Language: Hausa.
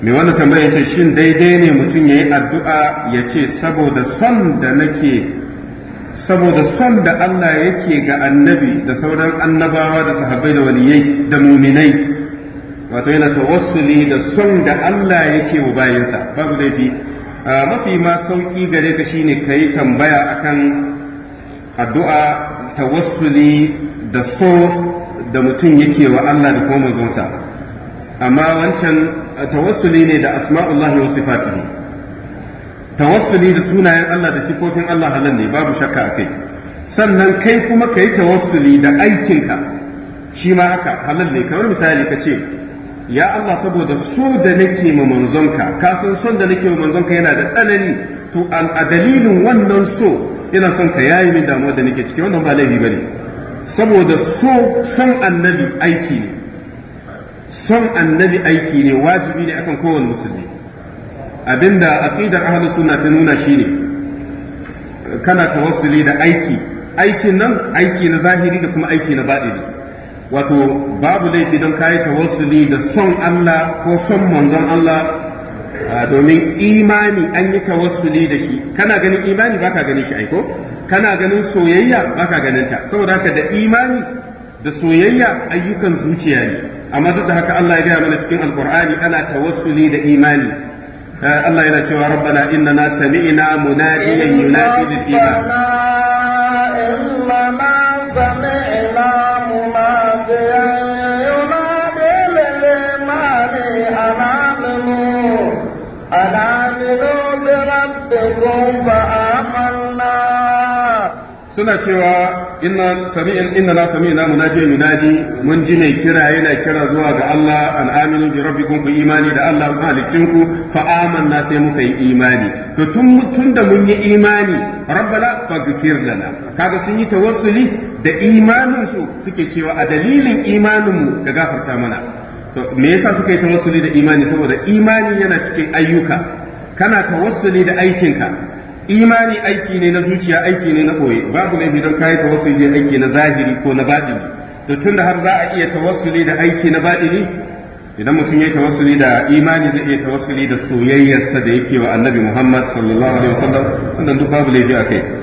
mai wannan tambaya ce shin daidai ne mutum ya yi addu'a ya ce saboda son da nake saboda son da Allah yake ga annabi da sauran annabawa da sahabbai da waliyai da muminai wato yana tawassuli da son da Allah yake wa bayansa babu laifi ah, mafi ma sauki gare ka shine ka yi tambaya akan addu'a tawassuli da so da mutum yake wa Allah da kuma manzonsa amma wancan tawassuli ne da asma'ullahi wa sifatihi tawassuli da sunayen Allah da sifofin Allah halal ne babu shakka akai sannan kai kuma ka yi tawassuli da aikinka shi ma haka halal ne kamar misali ka ce ya Allah saboda so da nake ma manzonka ka san son da nake ma manzonka yana da tsanani to a dalilin wannan so ina son ka yayi min damuwa da nake ciki wannan ba laifi bane saboda so san annabi aiki ne son annabi aiki ne wajibi ne akan kowane musulmi abinda aqidar ahlu suna ta nuna shine kana tawassuli da aiki aikin nan aiki na zahiri da kuma aiki na baɗini wato babu laifi don kayi tawassuli da son Allah ko son manzon Allah domin imani an yi tawassuli da shi kana ganin imani baka ganin shi aiko kana ganin soyayya baka ganin ta saboda haka da imani da soyayya ayyukan zuciya ne amma duk da haka Allah ya gaya mana cikin alqur'ani ana tawassuli da imani Allah yana cewa rabbana innana sami'na munadiyan yunadi lil iman أن آمنوا بربكم فآمنوا suna cewa inna sami'in inna la sami'na munajiyan yunadi mun ji mai kira yana kira zuwa ga Allah an aminu bi rabbikum ku imani da Allah mahalicinku fa amanna sai muka yi imani to tun tun da mun yi imani rabbana faghfir lana kaga sun yi tawassuli da imanin su suke cewa a dalilin imanin mu ka gafarta mana to me yasa suka yi tawassuli da imani saboda imani yana cikin ayyuka kana tawassuli da aikinka imani aiki ne na zuciya aiki ne na boye babu laifi don kayi tawassuli da aiki na zahiri ko na baɗini da tun da har za a iya tawassuli da aiki na baɗini idan mutum ya tawassuli da imani zai iya tawassuli da soyayyarsa da yake wa annabi muhammad sallallahu alaihi wasallam wannan duk babu laifi a kai